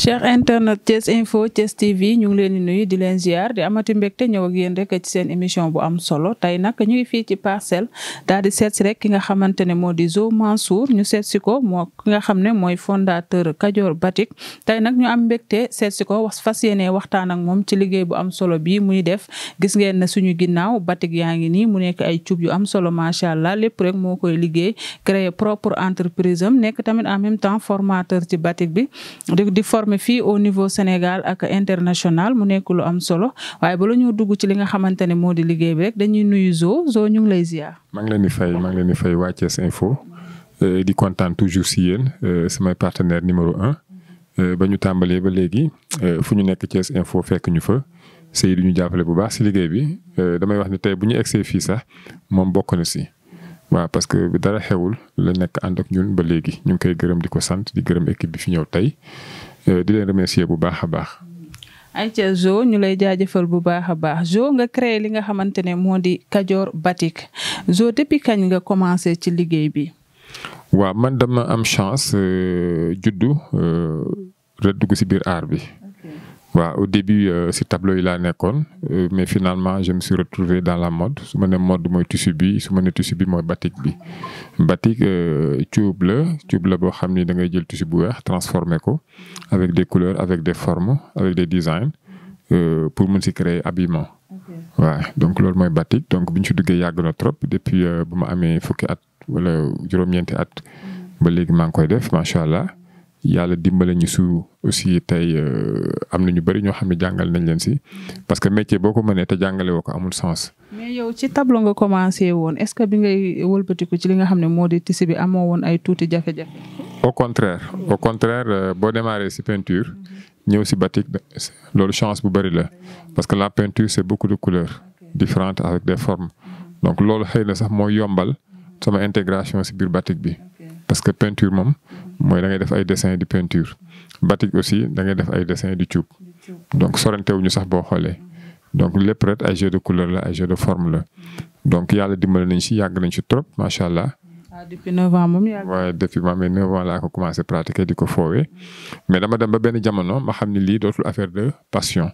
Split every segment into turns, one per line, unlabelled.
chers internet Thiès Info Thiès TV ñu ngi leen di nuyu di leen di amati mbégte ñëw ak yéen rek ci seen émission bu am solo tey nag ñuy ngi fii ci parcelle daal di seet rek ki nga xamante ne moo di Zo Mansour ñu seet ko moo ki nga xam ne mooy fondateur Kajoor Batik tey nag ñu am mbégte seet si ko wax fas yéene waxtaan ak moom ci liggéey bu am solo bii muy def gis ngeen ne suñu ginnaaw batik yaa ngi nii mu nekk ay cub yu am solo macha allah lépp rek moo koy liggéey créer propre entreprise am nekk tamit en même temps formateur ci batik bi armée fii au niveau Sénégal ak international mu nekk lu am solo waaye bala ñoo dugg ci li nga xamante ne moo di liggéey bi rek dañuy nuyu Zo Zo ñu lay ziar.
maa leen di fay maa ngi leen di fay waa Thiès Info euh, di kontaan toujours si yéen euh, samay partenaire numéro un euh, ba ñu tàmbalee ba léegi fu ñu nekk Thiès Info fekk ñu fa. sëy du ñu jàppale bu baax si liggéey bi damay wax ne tey bu ñu egsee fii sax moom bokk na si waaw parce que dara xewul la nekk ànd ak ñun ba léegi ñu ngi koy gërëm di ko sant di gërëm équipe bi fi ñëw tey Euh, di leen remercier bu baax a baax.
ayca Jo ñu lay jaajëfal bu baax a baax Jo nga créé li nga xamante ne moo di Kajoor Batik Jo depuis kañ nga commencé ci liggéey bi.
waa man dama am chance euh, juddu rek dugg si biir aar bi. waaw au début euh, si tableau yi laa nekkoon euh, mais finalement je me suis retrouvé dans la mode suma ma ne mode mooy tissu bi suma ma ne tissu bi mooy batik bi batik cuub euh, la cuub boo xam ni da ngay jël tissu bu weex transformé ko avec de couleurs avec des formes avec des designs pour mun si créer habillement waaw donc loolu mooy batik donc bi ñu si duggee yàgg na trop depuis bu ma amee fukki at wala juróom-ñeenti at ba léegi maa koy def macha allah. yàlla dimbale ñu su aussi tey euh, am na ñu bëri ñoo xam ne jàngal nañ leen si parce que métier boo ko mënee te jàngale woo ko amul sens.
mais yow ci tableau nga commencé woon est-ce que bi ngay wëlbatiku ci li nga xam ne moo di tissu bi amoo woon ay tuuti jafe-jafe.
au contraire au contraire euh, boo démarré si peinture ñëw si batik loolu chance bu bëri la parce que la peinture c'est beaucoup de couleurs différentes avec des formes donc loolu xëy na sax moo yombal sama intégration si biir batik bi. parce que peinture moom mooy da def ay dessin di peinture batik aussi da ngay def ay dessin di cuub donc sorantewuñu sax boo xoolee donc lépp rek ay jeu de couleur la ay jeu de forme la donc yàlla dimbale nañ si yàgg nañ si trop macha allah.
ah depuis moom
waaye depuis ma amee 9 ans laa ko commencé pratiquer di ko foowee mais dama dem ba benn jamono ma xam ni lii dootul affaire de passion.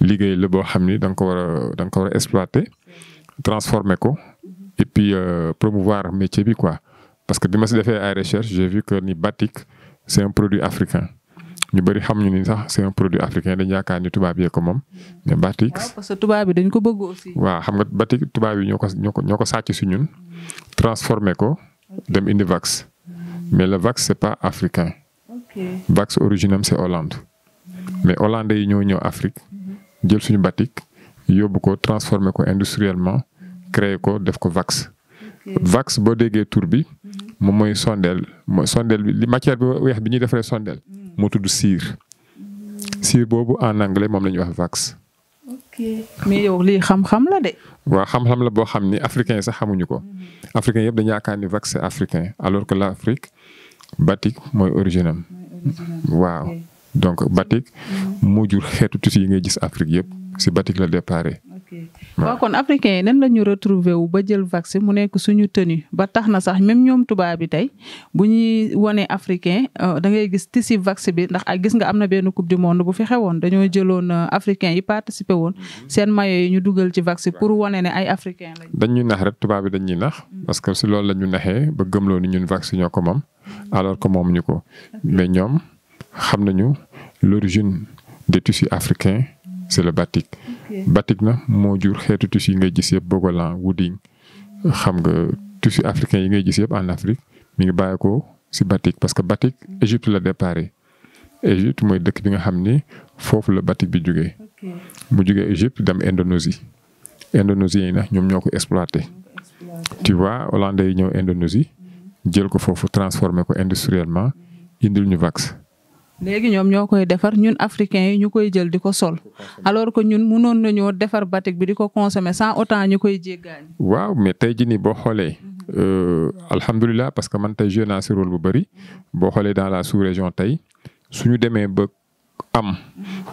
liggéey la boo xam ni da nga ko war a da ko war a exploiter transformer ko et puis euh, promouvoir métier bi quoi. parce que bi ma si defee ay recherche j'ai vu que ni batik c'est un produit africain ñu bëri xam ñu ni sax c'est un produit africain dañ yaakaar ni tubaab yee ko moom mais batik. Ah,
parce que tubaab yi dañ ko bëgg aussi. waaw
xam nga batik tubaab yi ñoo ko ñoo ko ñoo ko si ñun transformé ko dem indi vax mais le vax c'est pas africain. ok vax originam c'est Hollande mais hollandais yi ñëw ñëw Afrique jël suñu batik yóbbu ko transformé ko industriellement créer ko def ko vax. vax boo déggee tur bi moom mooy sondeel mooy sondeel bi li matière bi weex bi ñuy defaree sondeel moo tudd cire cire boobu en anglais moom la wax vax.
ok mais lii xam-xam la de.
waaw xam-xam la boo xam ni africain sax xamuñu ko. africain yëpp dañu yaakaar ni vax c'est africain alors que l'Afrique batik mooy origine am. waaw donc batik moo jur xeetu tissu yi ngay gis Afrique yëpp si batik la déparé. waaw
kon africain yi nan la ñu retrouver wu ba jël vaccin mu nekk suñu tenue ba tax na sax même ñoom tubaab bi tey bu ñuy wonee africain euh, da ngay gis tissu vaccin bi ndax ak gis nga am na benn coupe du monde bu fi xewoon dañoo jëloon euh, africain yi participer woon mm-hmm. seen maillot yi ñu dugal ci vaccin pour wane ne ay africain lañ.
dañuy nax rek tubaab bi dañuy nax mm-hmm. parce que si loolu la ñu naxee ba gëmloo ni ñun vaccin ñoo ko moom mm-hmm. alors que moom ñu ko mais ñoom xam nañu l'origine des tissus africains batik na moo jur xeetu tissu yi ngay gis yëpp bogolan wooding xam nga tissu africain yi ngay gis yëpp en Afrique mi ngi bàyyi ko si batik parce que batik Égypte la déparé Égypte mooy dëkk bi nga xam ni foofu la batik bi jugee. mu jugee Égypte dem Indonésie Indonésiens yi nag ñoom ñoo ko exploité. tu vois hollandais yi ñëw Indonésie jël ko foofu transformé ko industriellement indil ñu vax.
léegi ñoom ñoo koy defar ñun africains yi ñu koy jël di ko sol alors que ñun mënoon nañoo defar batik bi di ko consommer sans autant ñu koy jéggaani.
waaw mais tey jii nii boo xoolee. Euh, alhamdulilah parce que man tey joué naa si rôle bu bëri boo xoolee dans la sous-région tey suñu demee ba am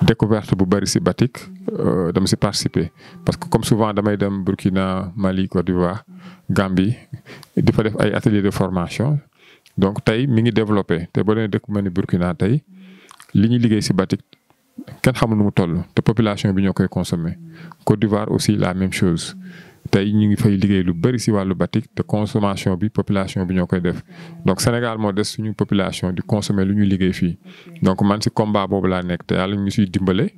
découverte bu bëri si batik euh, dama si participer parce que comme souvent damay dem Burkina Mali Côte d'Ivoire Gambie di fa def ay atelier de formation. donc tey mi ngi développé te ba leen dëkk mel ni Burkina tey li ñuy liggéey si batik kenn xamul nu mu toll te population bi ñoo koy consommé Côte d'Ivoire aussi la même chose tey ñu ngi fay liggéey lu bëri si wàllu batik te consommation bi population bi ñoo koy def donc Sénégal moo des suñu population di consommer lu ñuy liggéey fii donc man si combat boobu laa nekk te yàlla ñu suy dimbale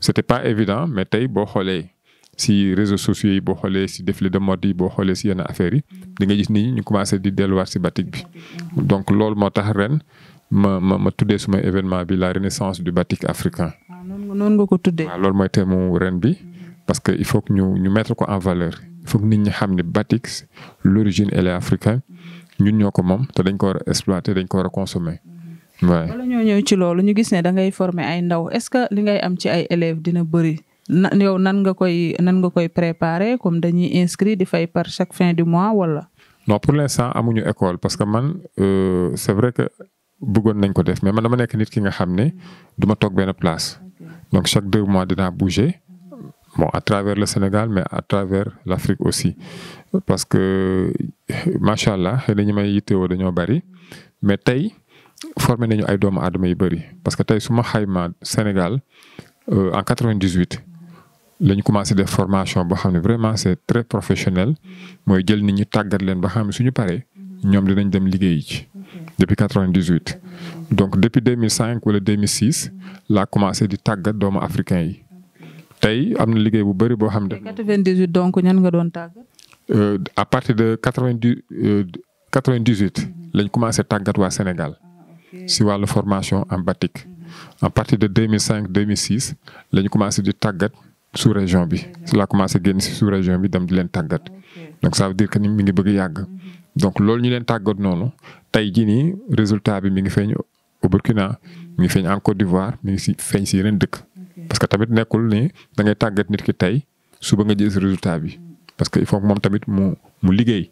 c'était pas évident mais tey boo xoolee si réseaux sociaux yi boo xoolee si défilé de mode yi boo xoolee si yenn affaires yi di nga gis ni ñu commencé di delluwaat si batik bi donc loolu moo tax ren ma ma ma tuddee suma événement bi la renaissance du batik africain. noonu nga ko tuddee. waaw loolu mooy thème mu ren bi parce que il faut ñu ñu mettre ko en valeur il faut nit ñi xam ne batik l'origine elle est africaine ñun ñoo ko moom te dañ ko war a exploiter dañ ko war a consommer. waaw
wala ñoo ñëw ci loolu ñu gis ne da ngay former ay ndaw est-ce que li ngay am ci ay élèves dina bëri. na yow nan nga koy nan nga koy préparer comme dañuy inscrit di fay par chaque fin du mois wala.
non pour l'instant amuñu école parce que man euh, c'est vrai que bëggoon nañ ko def mais man dama nekk nit ki nga xam ne duma toog benn place donc chaque deux mois dinaa bouger bon à travers le Sénégal mais à travers l'Afrique aussi parce que macha allah xëy na ñi may dañoo bari mais tey formé nañu ay doomu adama yu bari parce que tey suma xayma Sénégal euh, en 98 lañ commencé def formation boo xam ne vraiment c'est très professionnel mooy jël nit ñi tàggat leen ba xam suñu paree ñoom dinañ dem liggéeyi ci depuis quatre donc depuis deux mille cinq wala deux mille six laa commencé di tàggat doomu africain yi tey am na liggéey bu bëri boo xam ne.
quatre-vingt-dix-huit donc ñan nga doon tàggat.
Euh, à partir de quatre-vingt-dix euh, lañ commencé tàggat waa Sénégal si wàllu formation en batik à partir de deux mille cinq deux mille six lañ commencé di tàggat. sous région bi si laa commencé génn si sous région bi dem di leen tàggat donc ça veut dire que ni mi ngi bëgg yàgg donc loolu ñu leen tàggat noonu tey jii nii résultat bi mi ngi feeñ au Burkina mi ngi feeñ en Côte d'Ivoire mi ngi si feeñ si yeneen dëkk. parce que tamit nekkul ni dangay tàggat nit ki tey suba nga gis résultat bi parce que il faut moom tamit mu mu liggéey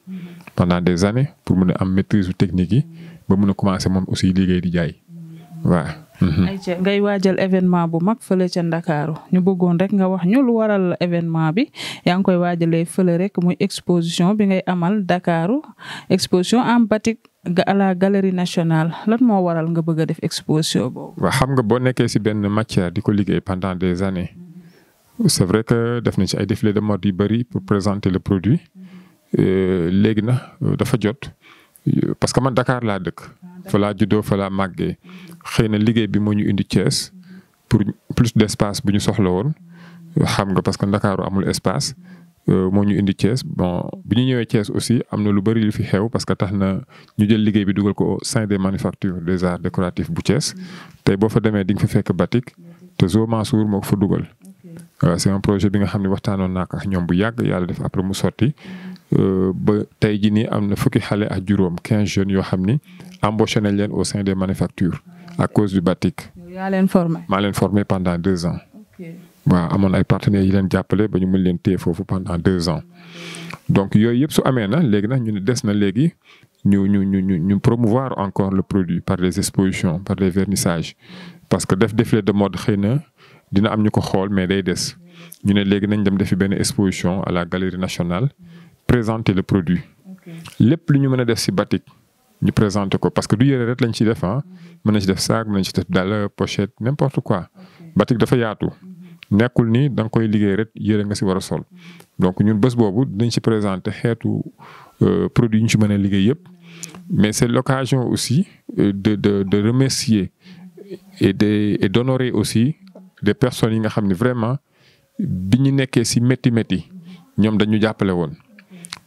pendant des années pour mun a am maîtrise technique yi ba mun a commencé moom aussi liggéey di jaay. waaw.
Mhm. ngay waajal événement bu mag fële ca Ndakaaru ñu bëggoon rek nga wax ñu waral événement bi yaa ngi koy waajalee fële rek muy exposition bi ngay amal Ndakaaru exposition en batik à la galerie nationale lan moo waral nga bëgg a def exposition boobu.
waaw xam nga boo nekkee si benn matière di ko liggéey pendant des années c'est vrai que def nañ ci ay défilé de mode yu bëri pour présenter le produit euh, léegi na euh, dafa jot. parce que ma Dakar laa dëkk fa judo juddoo fa laa màggee xëy na liggéey bi moo ñu indi Thiès pour plus d' espace bu ñu soxla woon xam nga parce que Ndakaaru amul espace euh, moo ñu indi Thiès bon bi ñu ñëwee cees aussi am na lu bëri lu fi xew parce que tax na ñu jël liggéey bi dugal ko au sein des manufactures des arts décoratifs bu Thiès tey boo fa demee di nga fa fekk batik te Zo Mansour moo fo dugal waaw un projet bi nga xam ne waxtaanoon naa ñoom bu yàgg yàlla def après mu sotti. Euh, ba tey jii nii am na fukki xale ak juróom quinze jeunes yoo xam ni embauché nañ leen au sein des manufactures à cause du batik.
yaa leen formé
maa leen formé pendant deux ans. waaw amoon ay partenaires yi leen jàppale ba ñu mën leen téye foofu pendant deux ans donc yooyu yëpp su amee na léegi nag ñu ne des na léegi ñu ñu ñu ñu ñu promouvoir encore le produit par des expositions par des vernissages parce que def défilé de mode xëy na dina am ñu ko xool mais day des ñu ne léegi nañ dem defi benn exposition à la galerie nationale. présenter le produit. lépp lu ñu mën a def si batik ñu présenter ko parce que du yére rek lañ ci def ah. Mhm. mën na ci def sac mën na ci def dàll pochette n'importe quoi. batik dafa yaatu. Mhm. nekkul nii da nga koy liggéey rek yére nga si war a sol. Mhm. donc ñun bës boobu dinañ si présenter xeetu euh, produit yi ñu si mën a liggéey yëpp. mais c'est l'occasion aussi euh, de de de remercier et de et d'honorer aussi des personnes yi nga xam ne vraiment bi ñu nekkee si métti métti ñoom dañu jàppale woon.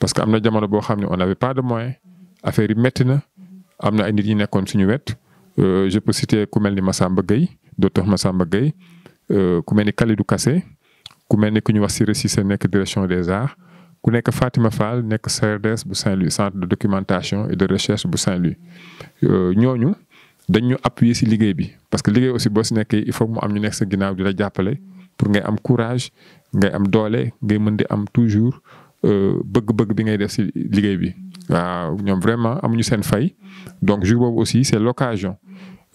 parce que am na jamono boo xam ne on avait pas de moyen affaire yi métti na am na ay nit ñi nekkoon suñu wet euh, je peux citer ku mel ni Massamba Gueye docteur Massamba Gueye euh, ku mel ni Kalidou Kassé ku mel ni ku ñu wax Siré Cissé nekk direction des arts ku nekk Fatima Fall nekk CRDS bu Saint-Louis centre de documentation et de recherche bu Saint-Louis euh, ñooñu dañ ñu appuyer si liggéey bi parce que liggéey aussi boo si nekkee il faut mu am ñu nekk sa ginnaaw di la jàppale pour ngay am courage ngay am doole ngay di am toujours Euh, bëgg-bëgg bi ngay def si liggéey bi waaw ñoom vraiment ñu seen fay donc jour boobu aussi c'est l'occasion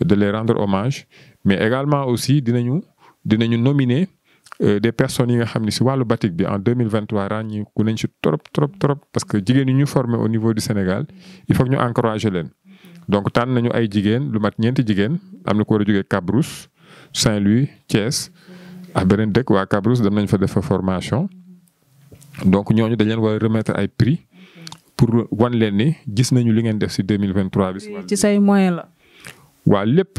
de les rendre hommage mais également aussi dinañu dinañu nominer euh, des personnes yi nga xam ne si wàllu batik bi en deux mille vingt trois nañ si trop trop trop parce que jigéen yi ñu former au niveau du Sénégal il faut ñu encourager leen. donc tànn nañu ay jigéen lu mat ñeenti jigéen am na ku war a jógee Cabrousse Saint-Louis Thiès ak beneen dëkk waa Cabrousse dem nañ fa def formation. donc ñooñu dañ leen war a ay prix pour wan leen ni gis nañu li ngeen def si 2023 bi.
ci say moyens la.
waaw lépp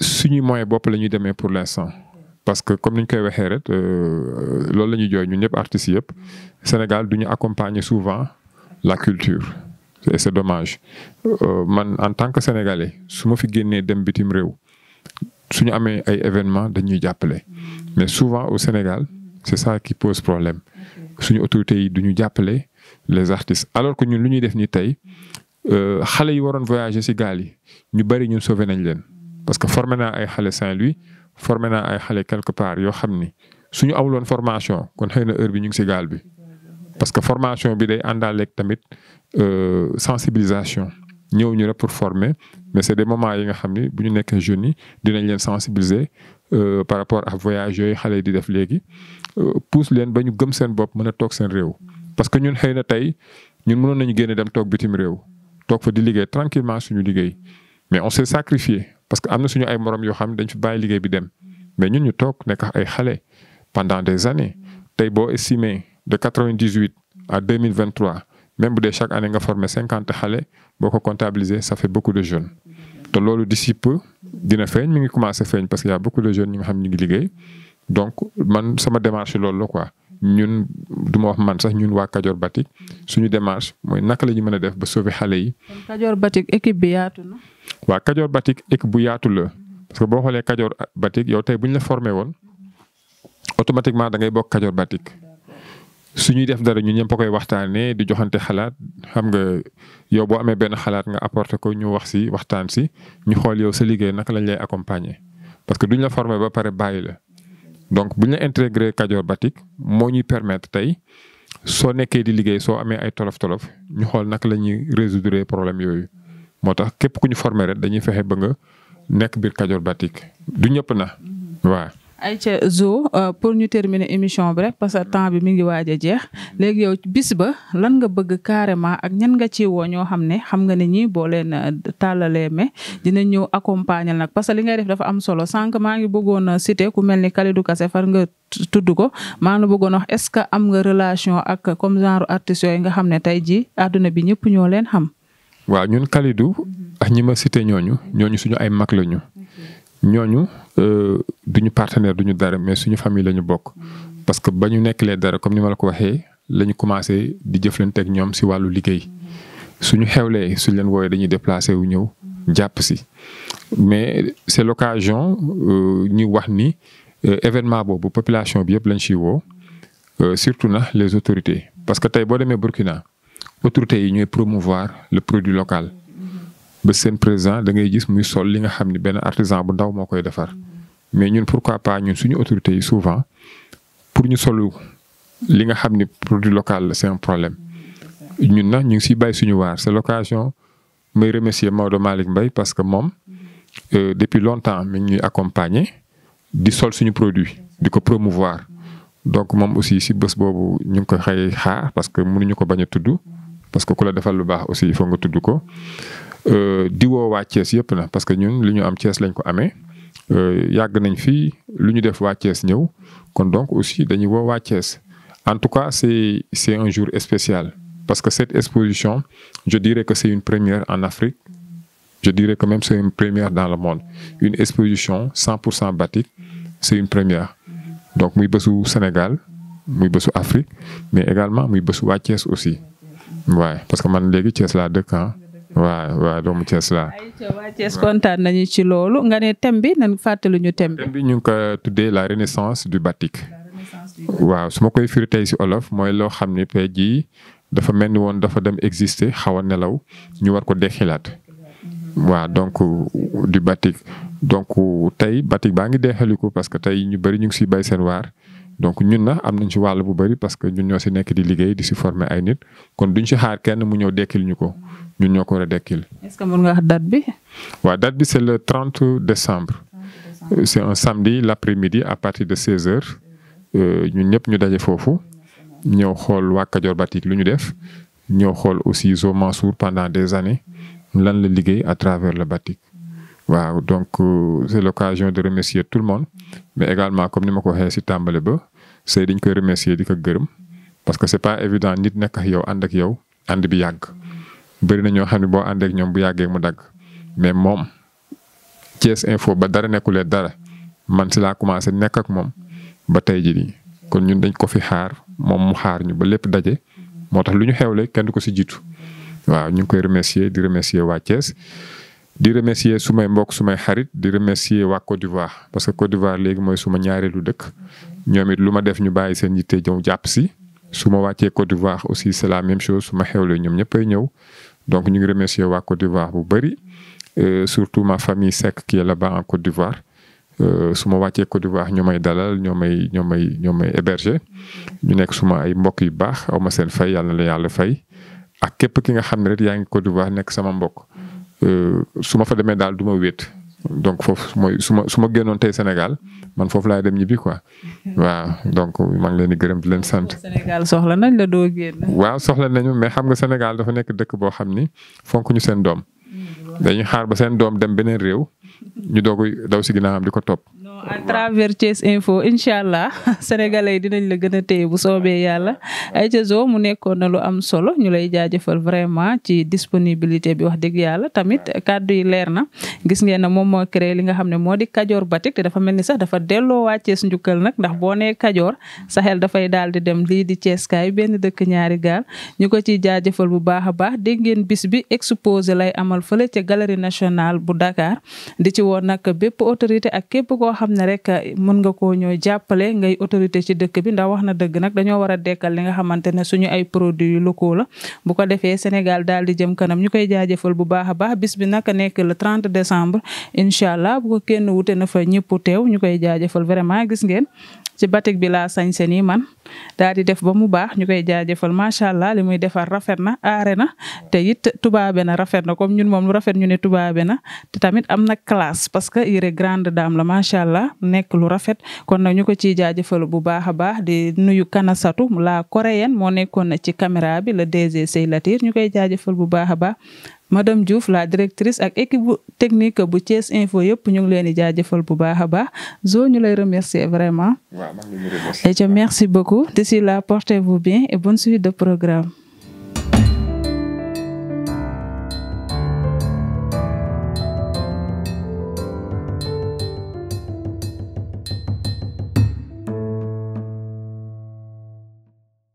suñu moyen bopp la ñuy demee pour l'instant parce que comme ni ñu koy waxee rek euh, loolu la ñuy jooy ñun ñëpp artistes yëpp Sénégal du ñu accompagner souvent la culture et c'est dommage euh, man en tant que sénégalais su ma fi génnee dem bitim réew su ñu amee ay événements dañuy jàppale mais souvent au Sénégal c'est ça qui pose problème. suñu autorités yi du ñu jàppale les artistes alors que ñun lu ñuy def ni tey euh, xale yi waroon voyager ci gaal yi ñu bari ñun sauvé nañ leen. parce que former naa ay xale Saint-Louis formé naa ay xale quelque part yoo xam ni suñu awuloon formation kon xëy na heure bi ñu ngi ci gaal bi parce que formation bi day àndaaleeg tamit euh, sensibilisation. ñëw ñu rek pour former mais c'est des moments yi nga xam ni bu ñu nekkee jeunes yi dinañ leen sensibiliser euh, par rapport ak voyage yooyu xale yi di def léegi pousse leen ba ñu gëm seen bopp mën a toog seen réew. parce que ñun xëy na tey ñun mënoon ñu génne dem toog bitim réew toog fa di liggéey tranquillement suñu liggéey mais on s'est sacrifié parce que am na suñu ay morom yoo xam ne dañ fi bàyyi liggéey bi dem mais ñun ñu toog nekk ay xale pendant des années tey boo estimé de quatre-vingt-dix-huit à deux mille vingt-trois même bu dee chaque année nga formé cinquante xale boo ko comptabiliser ça fait beaucoup de jeunes te loolu d'ici peu dina feeñ a ngi liggéey. donc man sama démarche loolu la quoi ñun du ma wax man sax ñun waa Kajoor Batik suñu démarche mooy naka la ñu mën a def ba sauver xale yi.
Kajoor Batik équipe bi yaatu
waa Kajoor Batik équipe bu yaatu la parce que boo xoolee Kajoor Batik yow tey bu ñu la formé woon automatiquement da ngay bokk Kajoor Batik su ñuy def dara ñun ñëpp a koy waxtaanee di joxante xalaat xam nga yow boo amee benn xalaat nga apporter ko ñu wax si waxtaan si ñu xool yow sa liggéey naka lañ lay accompagner parce que duñ la formé ba pare bàyyi la. donc bu ñu la intégré Kajoor Batik moo ñuy permettre tey soo nekkee di liggéey soo amee ay tolof tolof ñu xool naka la ñuy résoudre problème yooyu moo tax képp ku ñu formé rek dañuy fexe ba nga nekk biir Kajoor Batik du ñëpp na waa
ayca Zo euh, pour ñu terminer émission bi rek parce que temps bi mi ngi waaj a jeex léegi yow bis ba lan nga bëgg carrément ak ñan nga ci woo ñoo xam ne xam nga ne ñi boo leen euh, tàllalee mais dina ñëw accompagner nag parce que li ngay def dafa am solo sànq maa ngi bëggoon cité ku mel ni Kalidou Kassé far nga tudd ko maa ngi bëggoon wax est-ce que am nga relation ak comme genre artistes yooyu nga xam ne tey jii àdduna bi ñëpp ñoo leen xam.
waaw ñun Kalidou ak ñi ma cité ñooñu ñooñu suñu ay mag lañu ñooñu. Euh, du ñu partenaire du ñu dara mais suñu famille la ñu bokk. parce que ba ñu nekkalee dara comme ni ma la ko waxee la ñu commencé di jëflanteeg ñoom si wàllu liggéey suñu xewlee suñ leen wooyee dañuy déplacé wu ñëw jàpp si mais c'est l'occasion euh, ñuy wax ni euh, événement boobu population bi yëpp lañ si woo surtout na les autorités parce que tey boo demee Burkina autorité yi ñooy promouvoir le produit local. ba seen président da ngay gis muy sol li nga xam ni benn artisan bu ndaw moo koy defar mais ñun pourquoi pas ñun suñu autorité yi souvent pour ñu solu li nga xam ni produit local la c'est un problème ñun nag ñu ngi siy bàyyi suñu waar c'est l'occasion may remercier Maodo Malick mbay parce que moom euh, depuis longtemps mi ñuy accompagner di sol suñu produit di ko promouvoir donc moom aussi si bés boobu ñu ngi ko xëy xaar parce que mënuñu ko bañ a tudd parce que ku la defal lu baax aussi il faut nga tudd ko. Euh, di woo waa Thiès yëpp na parce que ñun lu ñu am Thiès lañ ko amee euh, yàgg nañ fii lu ñu def waa Thiès ñëw kon donc aussi dañuy woo waa en tout cas c'est c'est un jour spécial parce que cette exposition je dirais que c'est une première en Afrique je dirais que même c'est une première dans le monde une exposition 100% batik c'est une première donc muy bésu Sénégal muy bésu Afrique mais également muy bésu waa Thiès aussi waaye parce que man léegi Thiès laa dëkk waaw waaw doomu Thiès laa.
waa kontaan nañu ci loolu nga ne thème bi nan fàttali ñu thème
bi. thème ñu ngi ko tuddee la renaissance du batik. waaw su ma koy firi tey si olof mooy loo xam ne tey jii dafa mel ni woon dafa dem exister xaw nelaw ñu war ko dexilaat. Mhm. waaw donc du batik donc tey batik baa ngi deexaliku parce que tey ñu bëri ñu ngi siy bay seen waar. donc ñun na am nañ ci wàll bu bëri parce que ñun ñoo si nekk di liggéey di si former ay nit kon duñ si xaar kenn mu ñëw dekkil ñu ko ñun ñoo ko war a dekkil.
est-ce que mën nga bi.
c'est le trente décembre. 30 décembre. c'est un samedi l'après-midi à partir de 16h euh, ñun ñëpp ñu daje foofu ñëw xool waa Kajoor Batik lu ñu def ñëw xool aussi Zo Mansour pendant des années lan la liggéey à travers le Batik. waaw donc euh, c'est l'occasion de remercier tout le monde mais également comme ni ma ko waxee si tàmbale ba sëy dañ koy remercier di ko gërëm parce que c'est pas évident nit nekk ak yow ànd ak yow ànd bi yàgg bëri na ñoo xam ne boo àndeek ñoom bu yàggee mu dagg mais moom Thiès info ba dara nekkulee dara man si laa commencé nekk ak moom ba tey jii nii kon ñun dañ ko fi xaar moom mu xaar ñu ba lépp daje moo tax lu ñu xewle kenn du ko si jiitu waaw ñu ngi koy remercier di remercier waa Thiès di remercier sumay may mbokk su xarit di remercier waa Côte d'Ivoire parce que Côte d'Ivoire léegi mooy suma ñaareelu dëkk ñoom it lu ma def ñu bàyyi seen yitte jëw jàpp si su ma wàccee Côte d'Ivoire aussi c'est la même chose su ma ñoom ñëppay ñëw donc ñu ngi remercier waa Côte d'Ivoire bu bëri euh, surtout ma famille Seck qui est là-bas en Côte d'Ivoire euh, su ma wàccee Côte d'Ivoire ñoo may dalal ñoo may ñoo may ñoo may héberger ñu nekk suma ay mbokk yu baax aw ma seen fay yàlla la yàlla fay ak képp ki nga xam ne rek yaa ngi Côte d'Ivoire nekk sama mbokk Euh, su ma fa demee daal du ma wéet donc foofu mooy su ma su génnoon tey Sénégal man foofu laay dem ñibbi quoi waaw donc maa ngi leen di gërëm di leen sant.
soxla nañ la doo génn.
waaw soxla nañu mais xam nga Sénégal dafa nekk dëkk boo xam ni fonk ñu seen doom. Mm, dañuy xaar ba seen doom dem beneen réew ñu doog daw si ginnaawam di ko topp.
à travers Thiès Info incha allah sénégalais yi dinañ la gën a téye bu soobee yàlla Aïcha Zo mu nekkoon na lu am solo ñu lay jaajëfal vraiment ci disponibilité bi wax dëgg yàlla tamit kàddu yi leer na gis ngeen ne moom moo créé li nga xam ne moo di Kajoor Batik te dafa mel ni sax dafa dello waa Thiès njukkal nag ndax boo nee Kajoor sa xel dafay daal di dem lii di Thiès kaay benn dëkk ñaari gaal ñu ko ciy jaajëfal bu baax a baax dégg ngeen bis bi exposé lay amal fële ca galerie nationale bu Dakar xam ne rek eh, mën nga koo ñoo jàppale ngay autorité ci dëkk bi ndax wax na dëgg nag dañoo war a dekkal li nga xamante ne suñu ay produits locaux la bu ko defee Sénégal daal di jëm kanam ñu koy jaajëfal bu baax a baax bis bi naka nekk le 30 décembre incha allah bu ko kenn wute na fa ñëpp teew ñu koy jaajëfal vraiment gis ngeen ci batik bi laa sañ seen man daal di def ba mu baax ñu koy jaajëfal macha allah li muy defar rafet na aare na te it tubaabe na rafet na comme ñun moom lu ñu ne tubaabe na na la nekk lu rafet kon na ñu ko ciy jaajëfal bu baax a baax di nuyu kanasatu la coréenne moo nekkoon ci caméra bi la le DG Seylatir ñu koy jaajëfal bu baax a baax madame Diouf la directrice ak équipe technique bu Thiès Info yëpp ñu ngi leen di jaajëfal bu baax a baax Zo ñu lay remercier vraiment. waaw man merci beaucoup d'ici là portez-vous bien et bonne suite de programme.